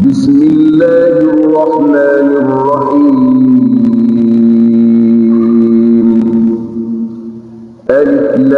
بسم الله الرحمن الرحيم الم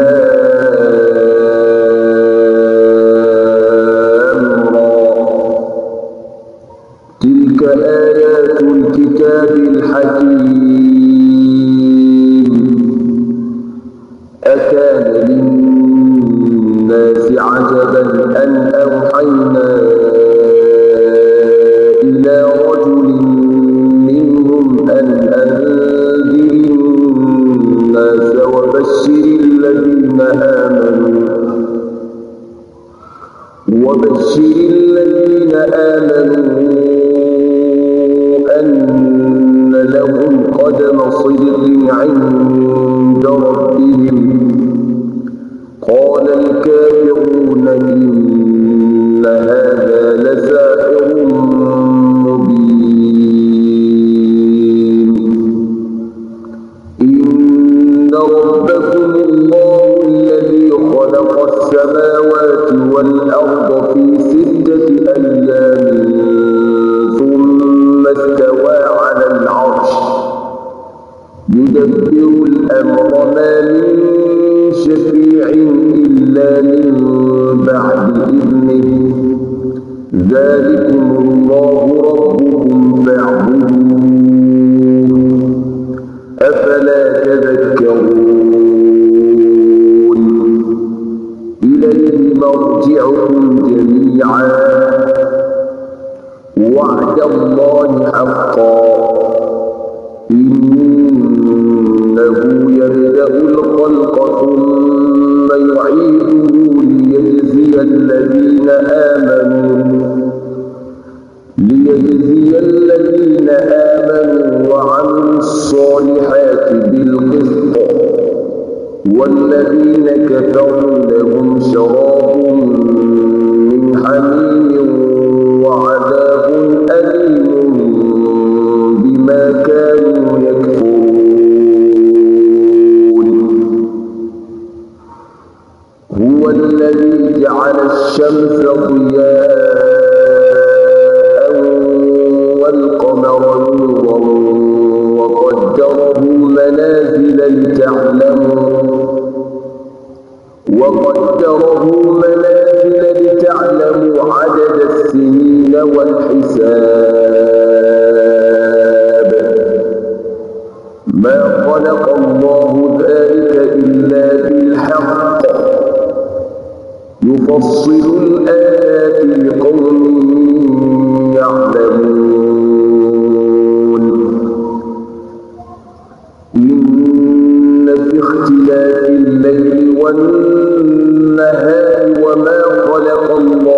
باختلاف الليل والنهار وما خلق الله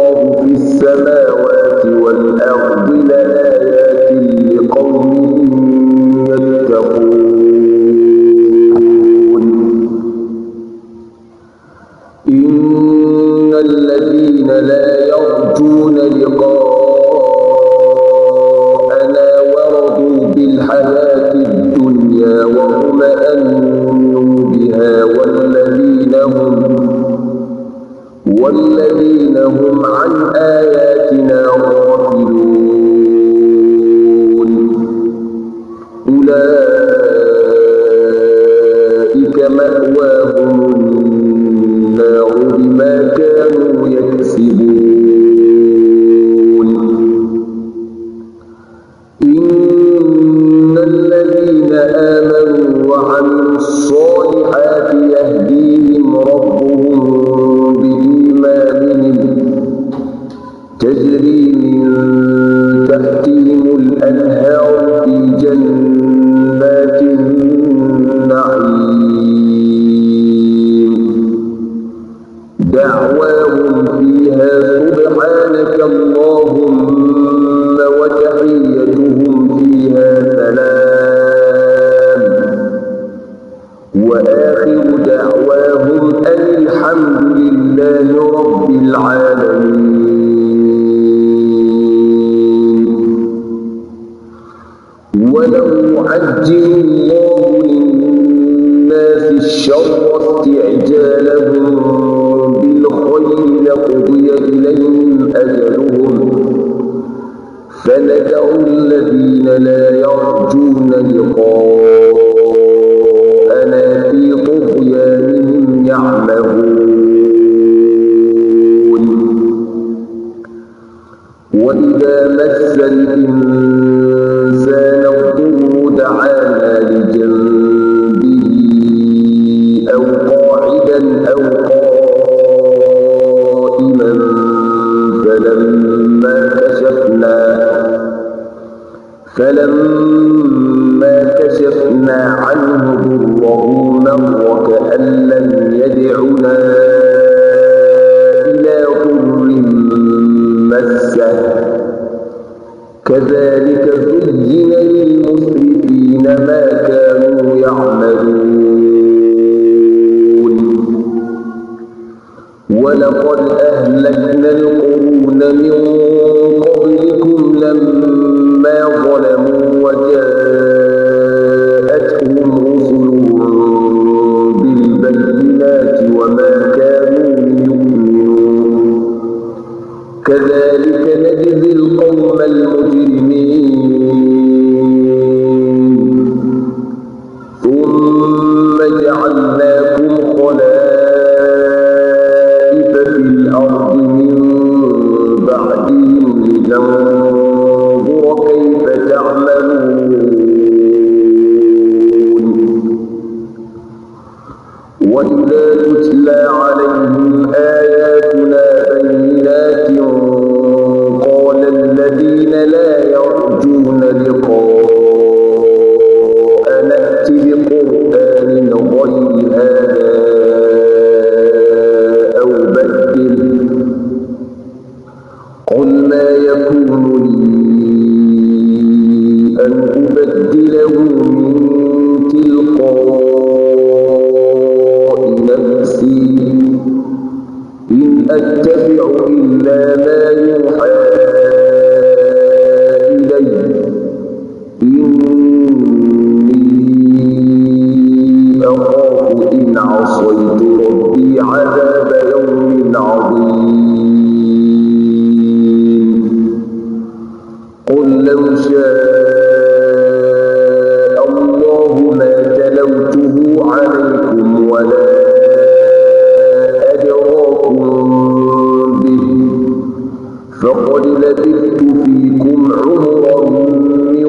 فقد لبثت فيكم عمرا من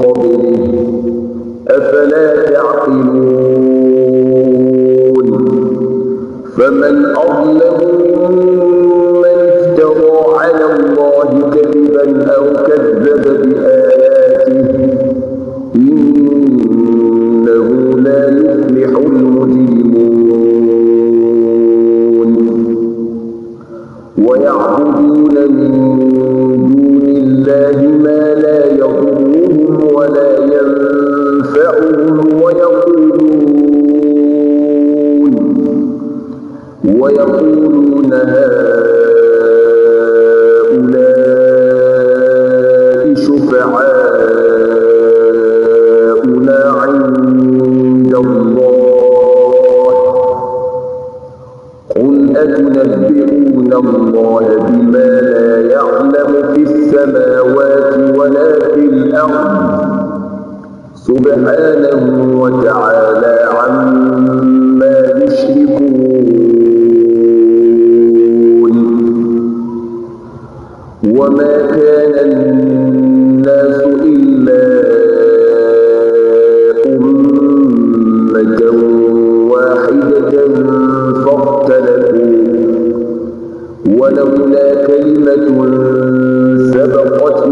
قبله أفلا تعقلون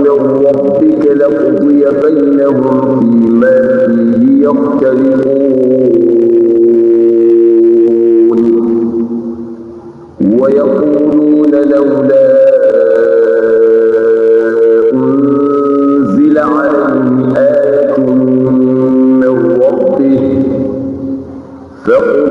من ربك لقضي بينهم فيما فيه يختلفون ويقولون لولا أنزل عليه آية من ربه فقل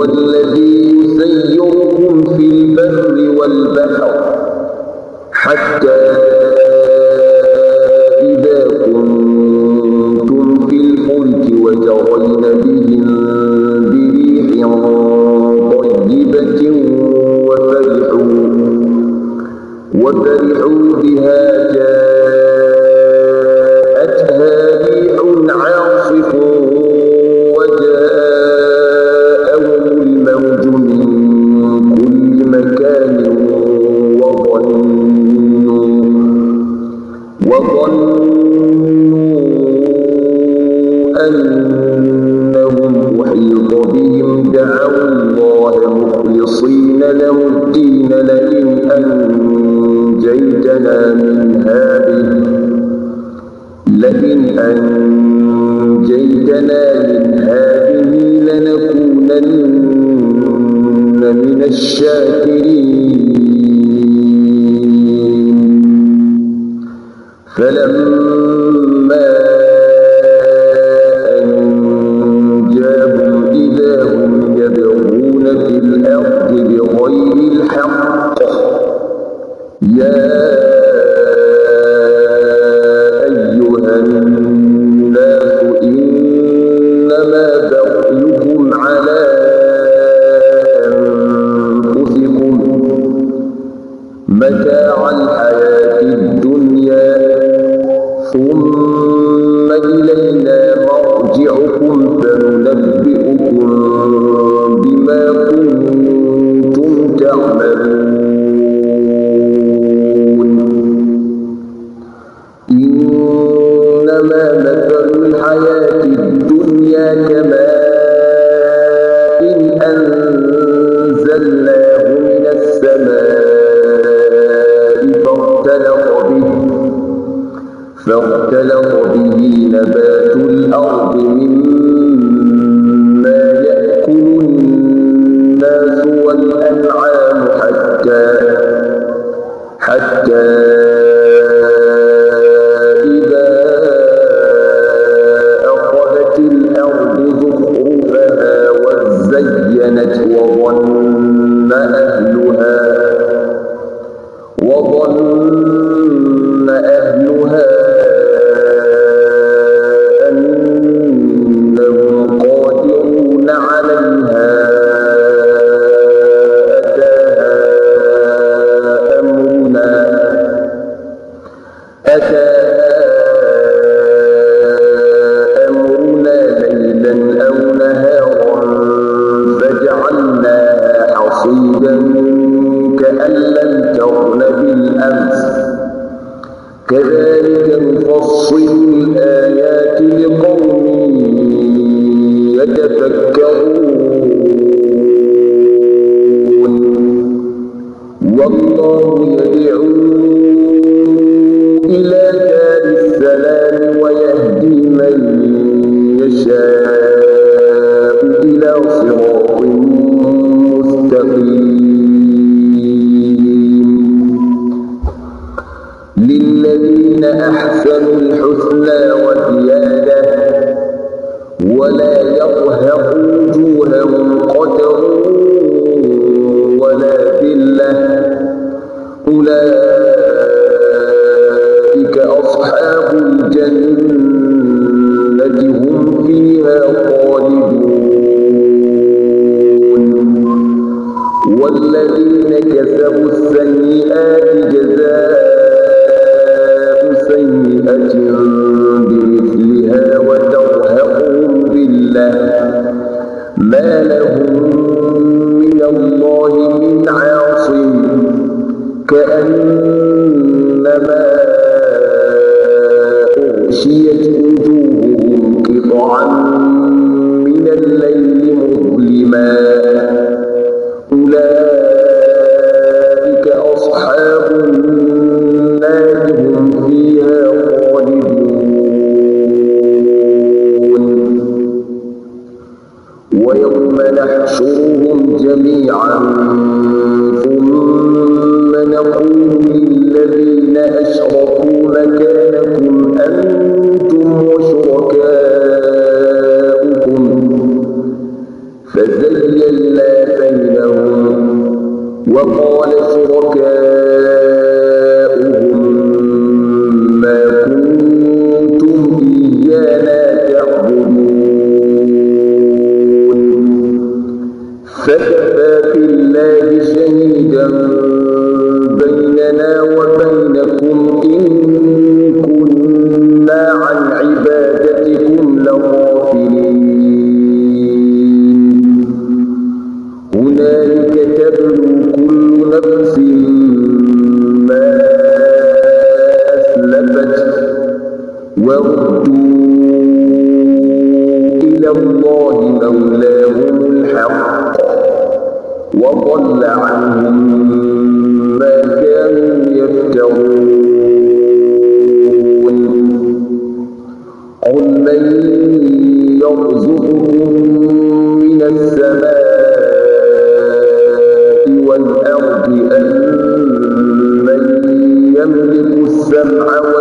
هو الذي يسيركم في البر والبحر حتى إذا كنتم في الفلك وجرين بهم بريح طيبة وفرحوا وفرحوا كأن لم تغن بالأمس كذلك نفصل الآيات لقوم يتفكرون والله يجب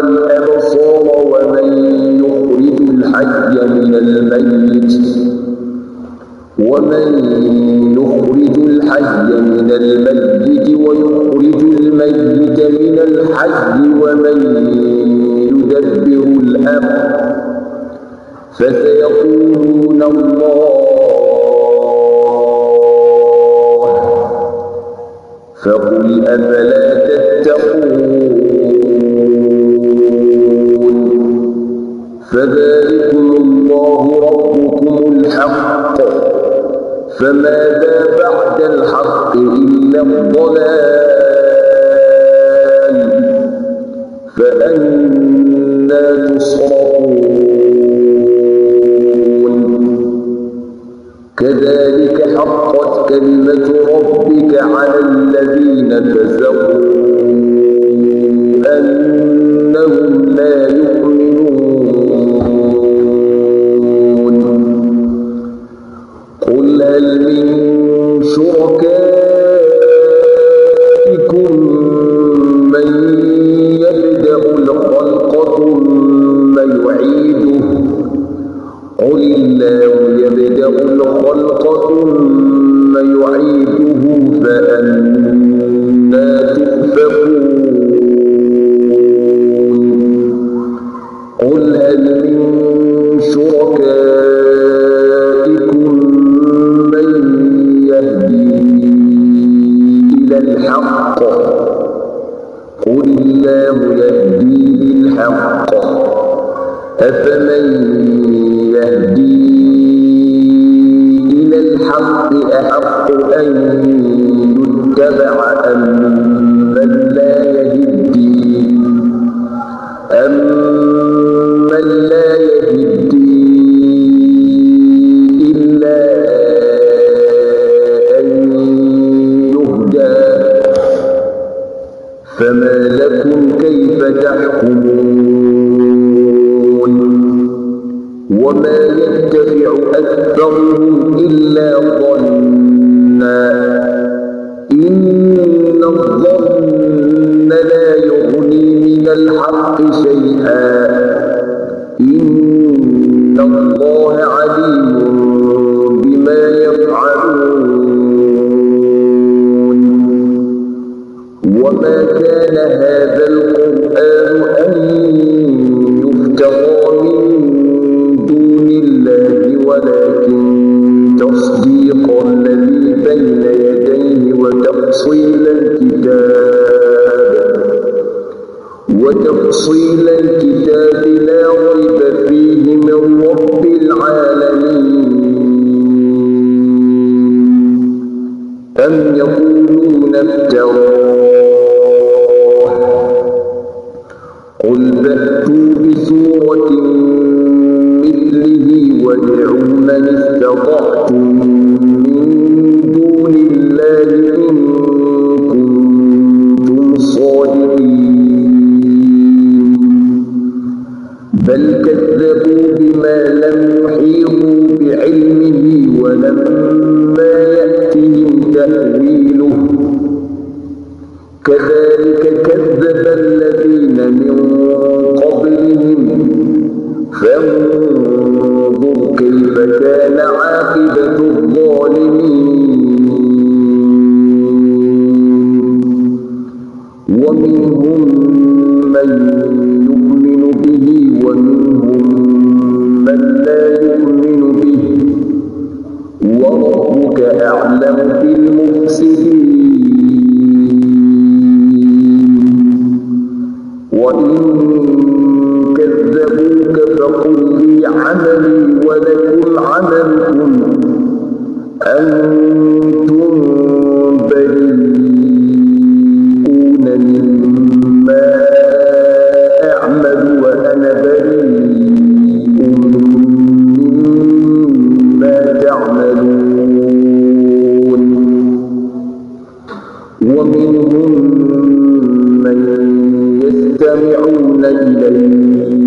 والأبصار ومن يخرج الحي من الميت ومن يخرج الحي من الميت ويخرج الميت من الحي ومن يدبر الأمر فسيقولون الله فقل أفلا تتقون فذلكم الله ربكم الحق فماذا بعد الحق إلا الضلال فأنا تصرفون كذلك حقت كلمة ربك على الذين فزقوا أم يقولون افتروه قل بأتوا بسورة ومنهم من يستمعون إليك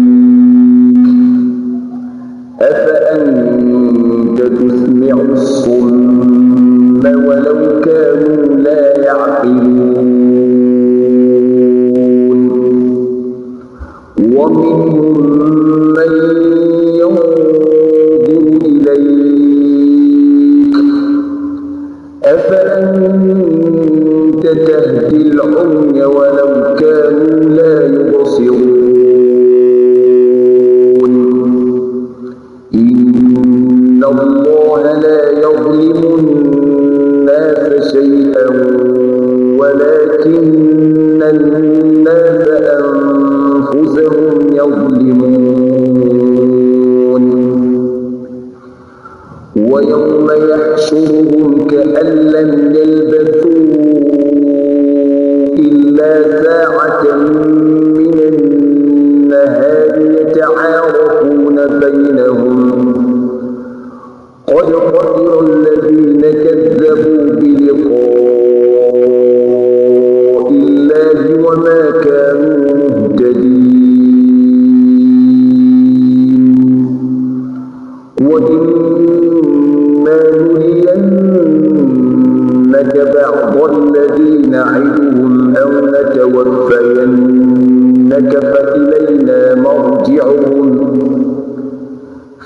نعدهم أو نتوفينك فإلينا مرجعهم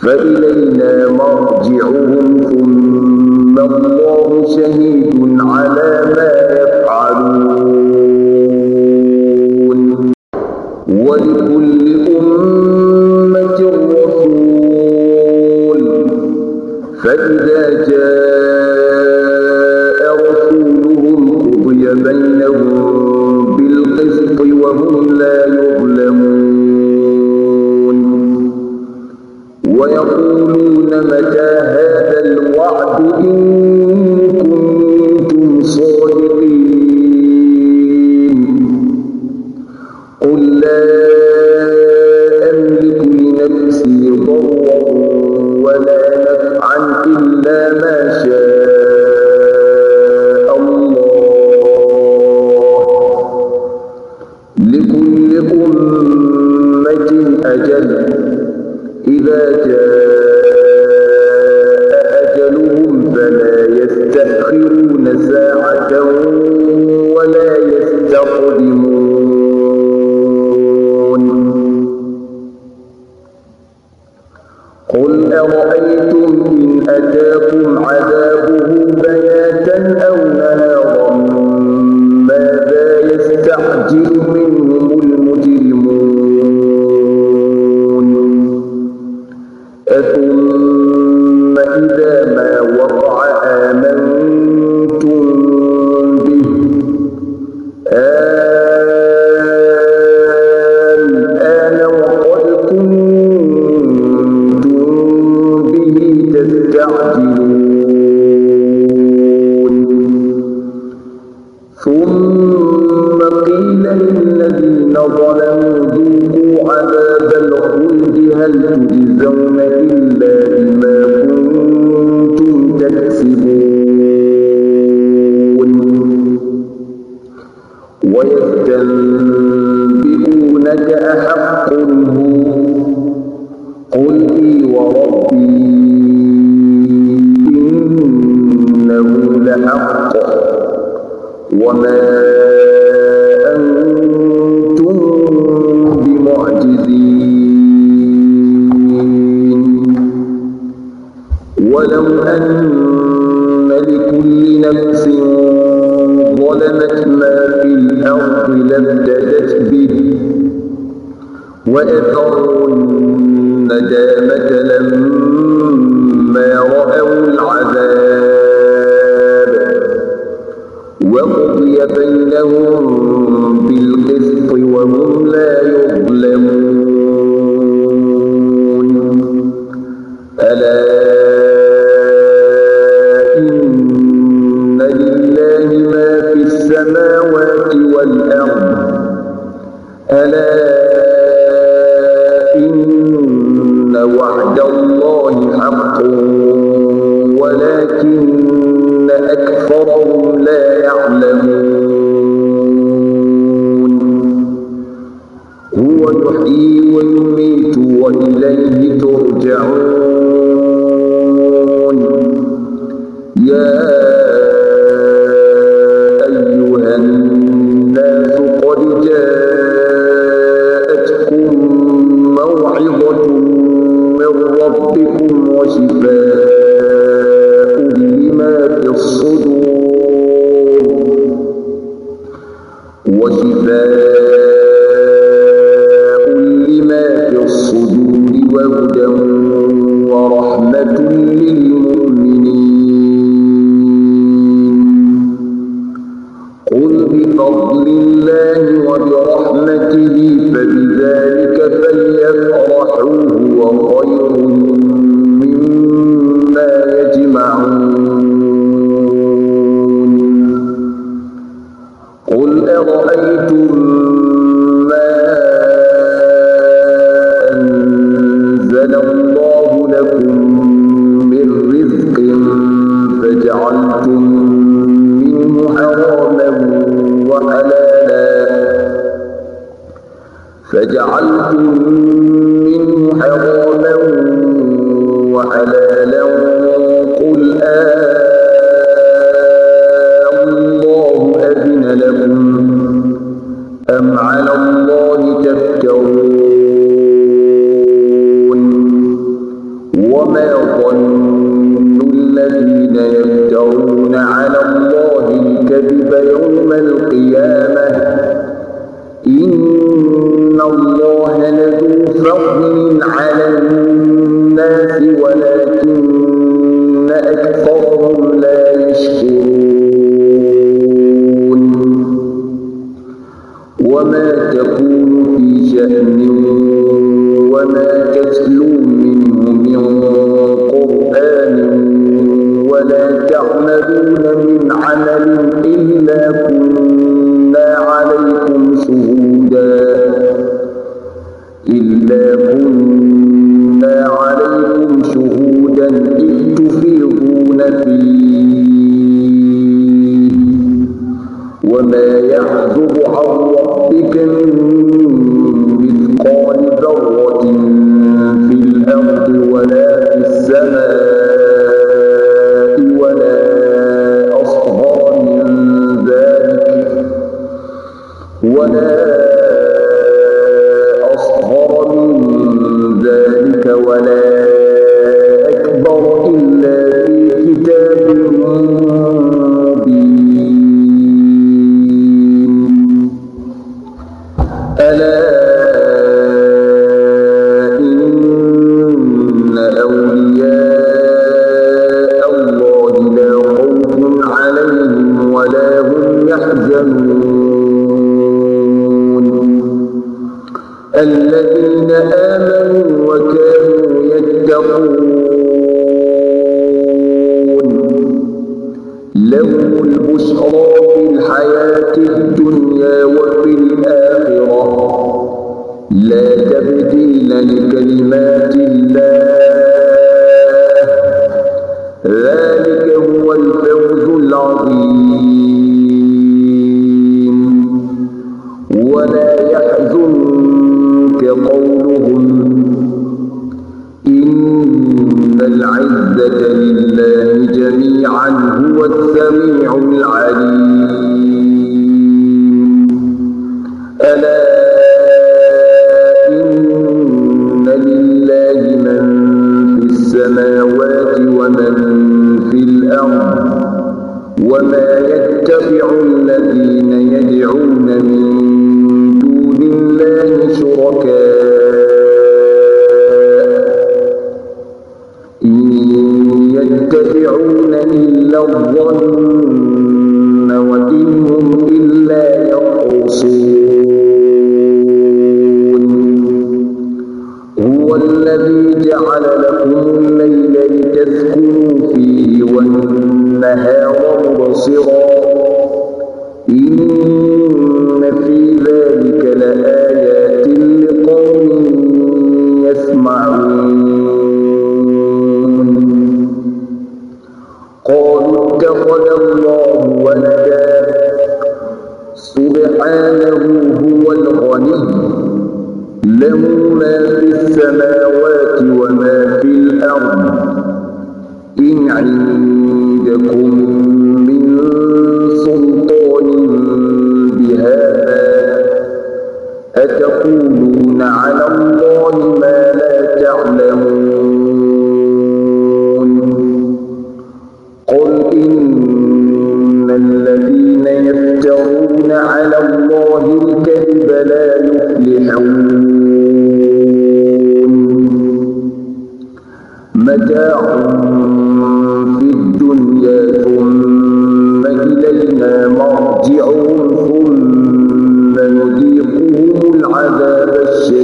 فإلينا مرجعهم ثم الله شهيد على ما يفعلون ولكل أمة رسول فإذا جاء لكم من رزق فجعلتم منه حراما وحلالا فجعلتم ولا يتبع الذين يدعون من دون الله شركاء إن يتبعون إلا الظن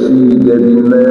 سيدنا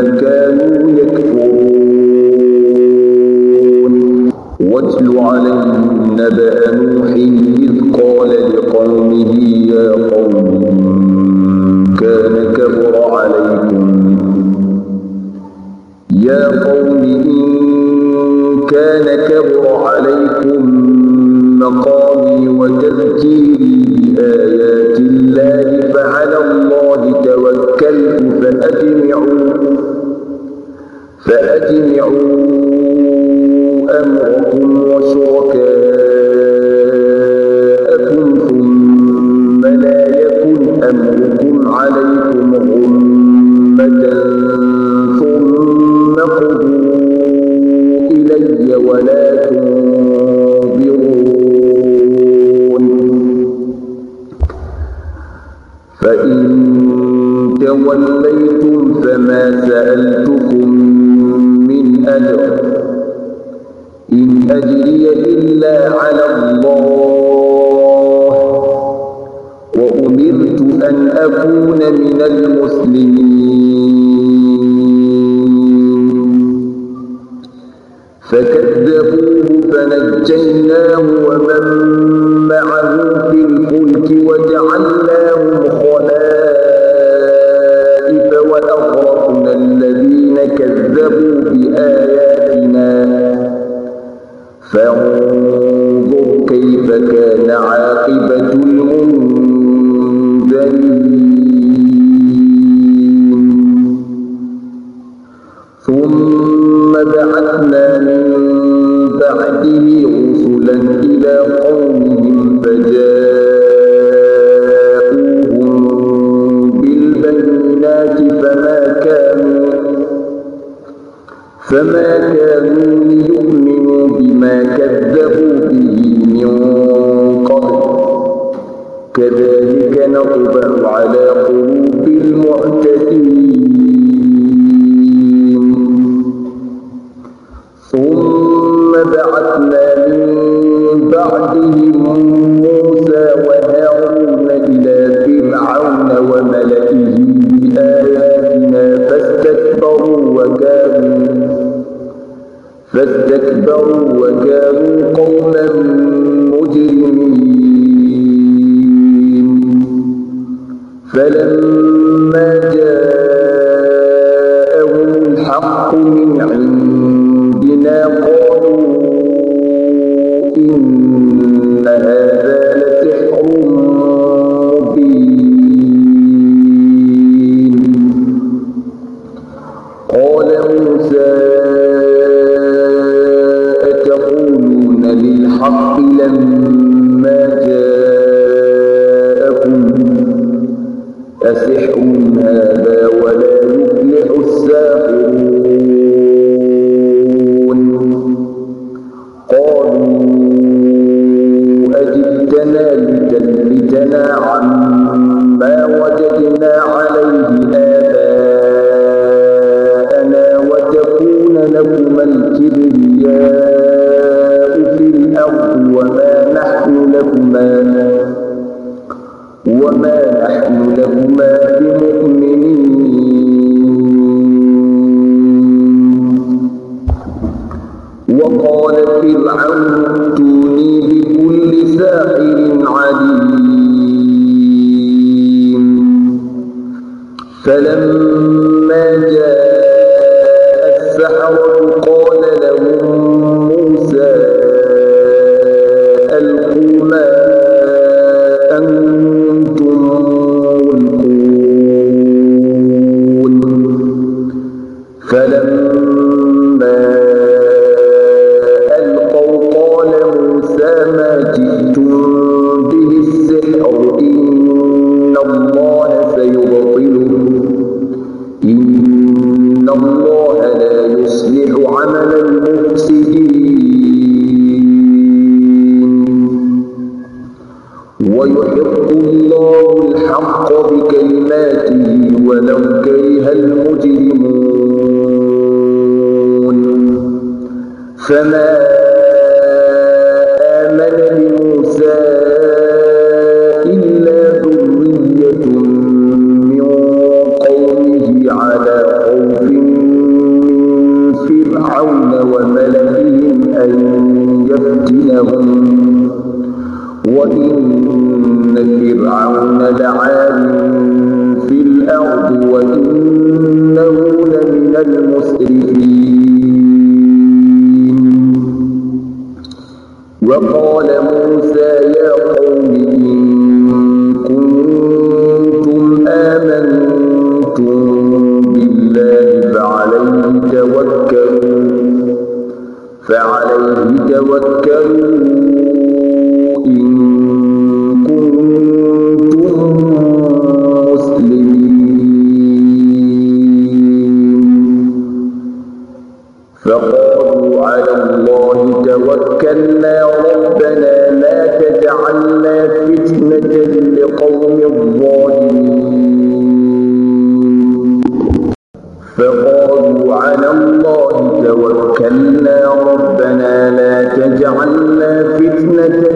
قال موسى أتقولون لما جاءكم أسحر الفاسدين ويحق الله الحق بكلماته ولو كره المجرمون فما Senhor.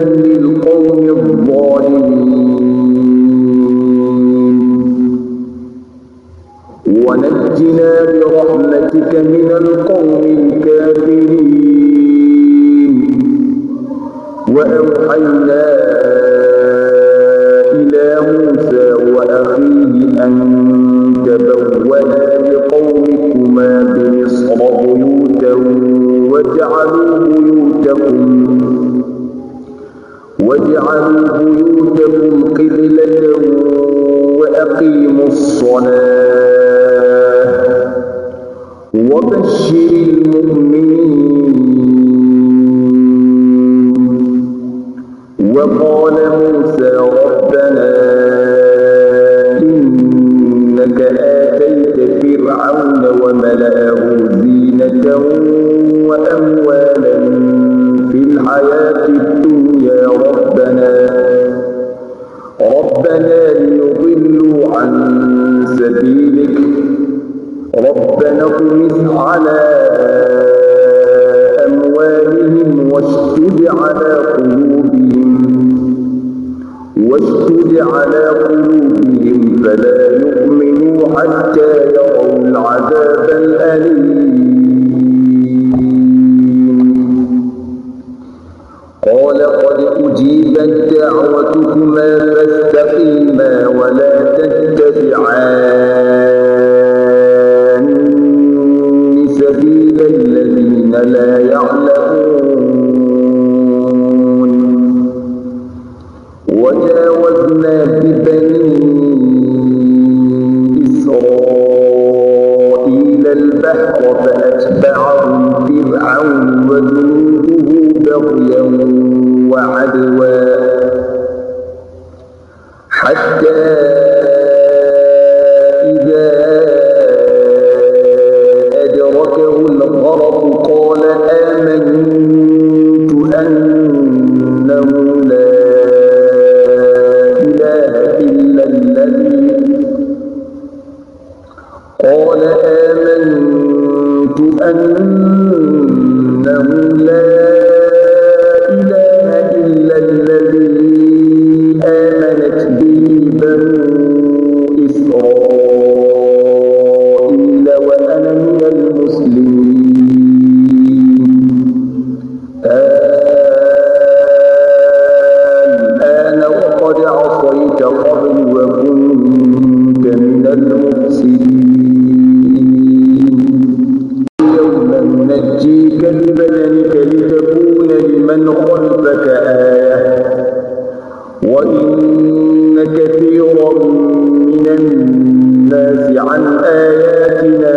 ربكما فاستقيما ولا تتبعان من الناس عن آياتنا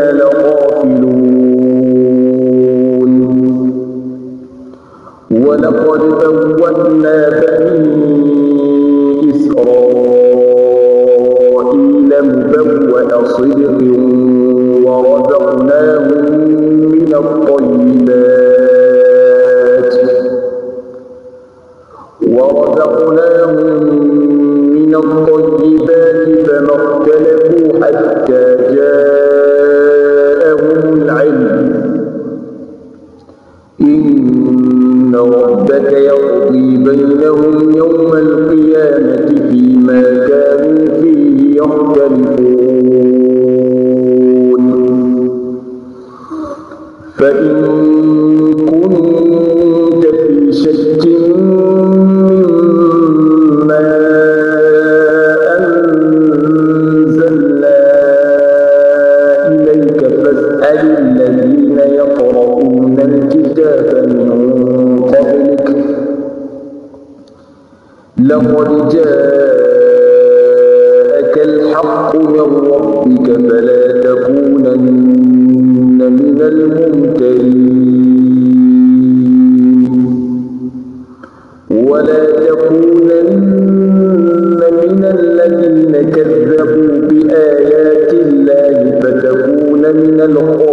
look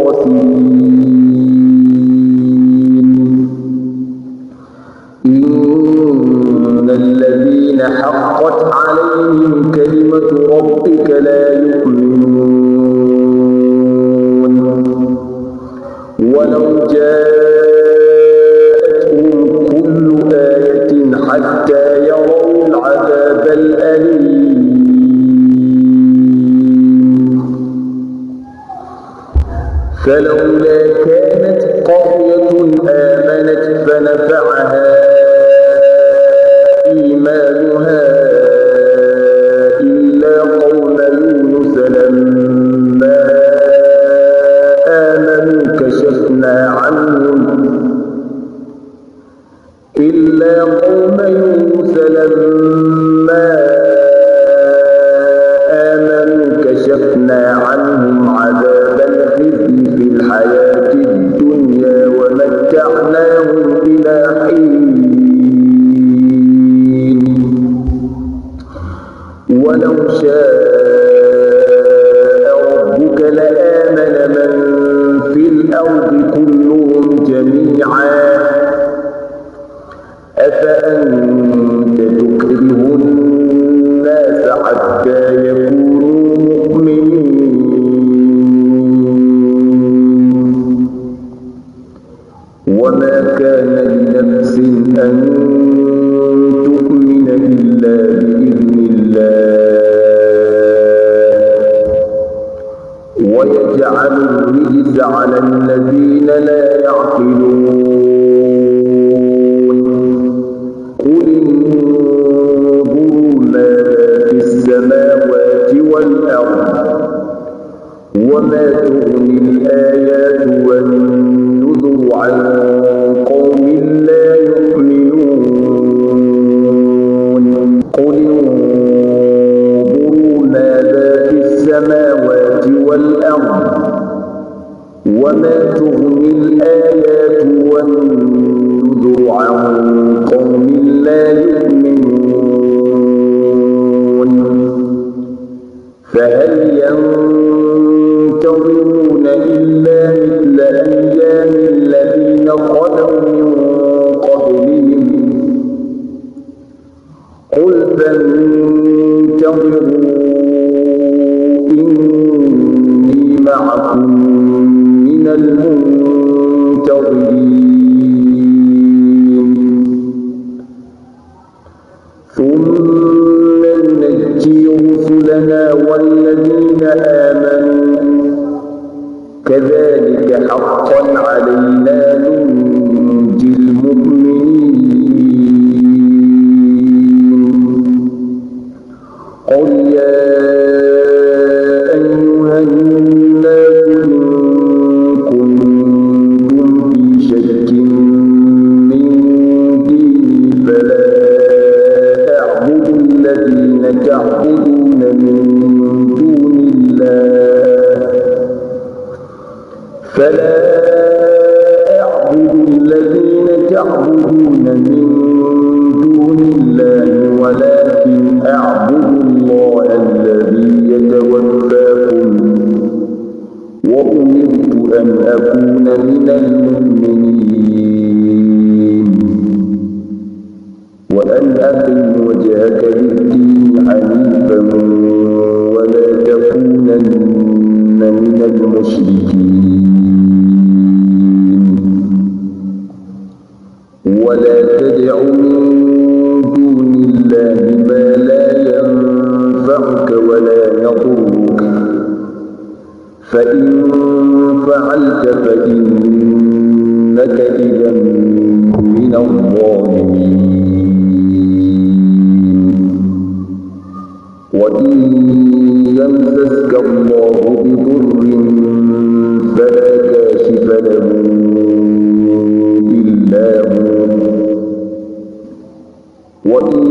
وإن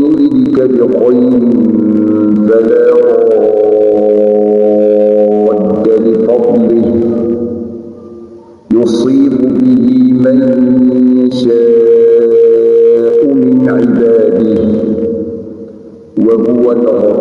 يردك بخير فلا رد لفضله يصيب به من شاء من عباده وهو الغفور